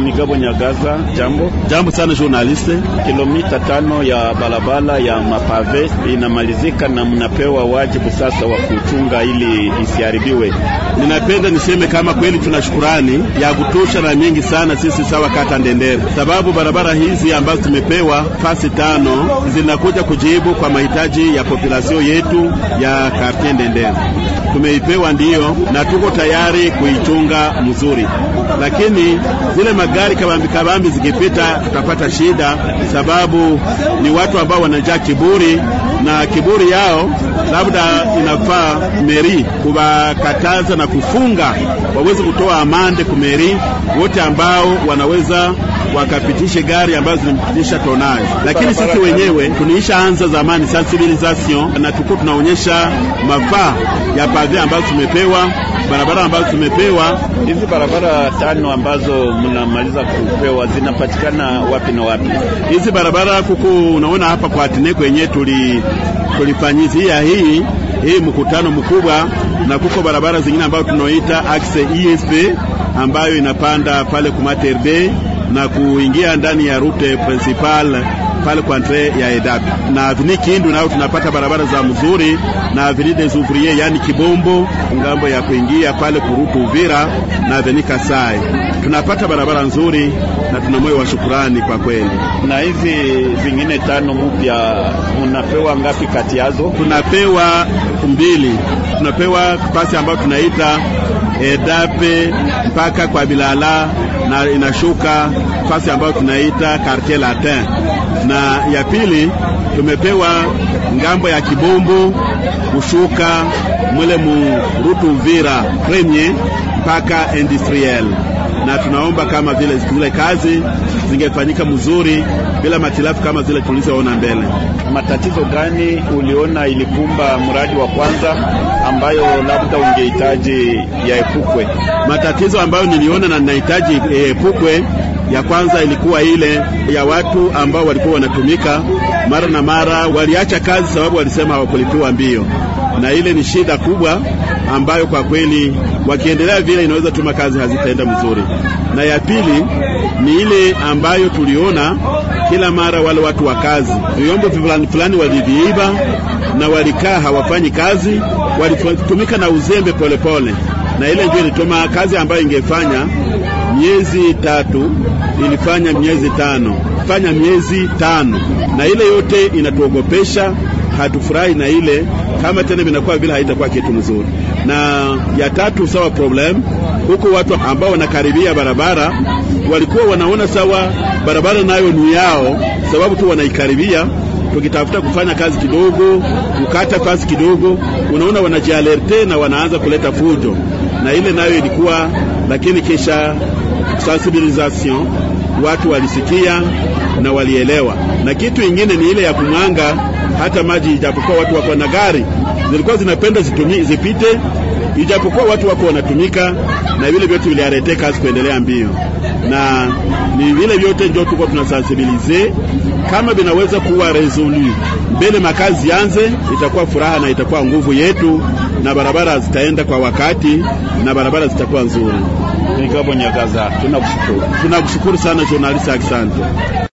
Migabo Nyagaza, jambo jambo sana journaliste. Kilomita tano ya balabala ya mapave inamalizika na mnapewa wajibu sasa wa kuchunga ili isiharibiwe. Ninapenda niseme kama kweli tuna shukurani ya kutosha na mingi sana sisi sawa kata Ndendere, sababu barabara hizi ambazo tumepewa fasi tano zinakuja kujibu kwa mahitaji ya populasio yetu ya kartie Ndendere. Tumeipewa ndiyo na tuko tayari kuichunga mzuri, lakini zile gari kabambi kabambi zikipita tutapata shida, sababu ni watu ambao wanajaa kiburi na kiburi yao, labda inafaa meri kuwakataza na kufunga waweze kutoa amande kumeri wote ambao wanaweza wakapitishe gari ambazo zilimpitisha tonaje. Lakini sisi wenyewe tuniisha anza zamani sensibilisation, na tuko tunaonyesha mafaa ya pave ambazo tumepewa, barabara ambazo tumepewa. Hizi barabara tano ambazo mnamaliza kupewa zinapatikana wapi na wapi? Hizi barabara kuku unaona hapa kwa Atine kwenye tuli tulifanyizia hii hii mkutano mkubwa, na kuko barabara zingine ambayo tunaoita axe ESP ambayo inapanda pale kumaterbe na kuingia ndani ya route principal pale kwa ntre ya Edabi na vini Kindu nao tunapata barabara za mzuri na vini Desuvrie, yani Kibombo ngambo ya kuingia pale kurutu Uvira na vini Kasai tunapata barabara nzuri na tuna moyo wa shukurani kwa kweli. Na hizi zingine tano mpya unapewa ngapi kati yazo? Tunapewa mbili, tunapewa pasi ambayo tunaita Edape mpaka kwa Bilala na inashuka fasi ambayo tunaita Quartier Latin, na ya pili tumepewa ngambo ya Kibumbu kushuka mwele mu rutu Uvira premier mpaka industriel, na tunaomba kama vile zile kazi zingefanyika mzuri bila matilafu kama zile tulizoona mbele. Matatizo gani uliona ilikumba mradi wa kwanza ambayo labda ungehitaji yaepukwe? Matatizo ambayo niliona na ninahitaji yaepukwe ya kwanza ilikuwa ile ya watu ambao walikuwa wanatumika mara na mara, waliacha kazi sababu walisema hawakulipiwa mbio, na ile ni shida kubwa ambayo kwa kweli wakiendelea vile inaweza tuma kazi hazitaenda mzuri. Na ya pili ni ile ambayo tuliona kila mara, wale watu wa kazi vyombo fulani fulani waliviiba na walikaa hawafanyi kazi, walitumika na uzembe polepole Na ile ndio ilituma kazi ambayo ingefanya miezi tatu ilifanya miezi tano fanya miezi tano, na ile yote inatuogopesha, hatufurahi na ile kama tena vinakuwa vile, haitakuwa kitu mzuri. Na ya tatu sawa problem huko, watu ambao wanakaribia barabara walikuwa wanaona sawa barabara nayo ni yao, sababu tu wanaikaribia tukitafuta kufanya kazi kidogo, kukata kazi kidogo, unaona wanajialerte na wanaanza kuleta fujo, na ile nayo ilikuwa lakini, kisha sensibilisation watu walisikia na walielewa. Na kitu ingine ni ile ya kumwanga hata maji, ijapokuwa watu wako na gari zilikuwa zinapenda zitumi, zipite, ijapokuwa watu wako wanatumika, na vile vyote viliaretea kazi kuendelea mbio, na ni vile vyote ndio tuko tunasensibilize kama vinaweza kuwa resolu mbele makazi yanze, itakuwa furaha na itakuwa nguvu yetu na barabara zitaenda kwa wakati na barabara zitakuwa nzuri. Igabonyagaza, tunakushukuru, tunakushukuru sana journalist, asante.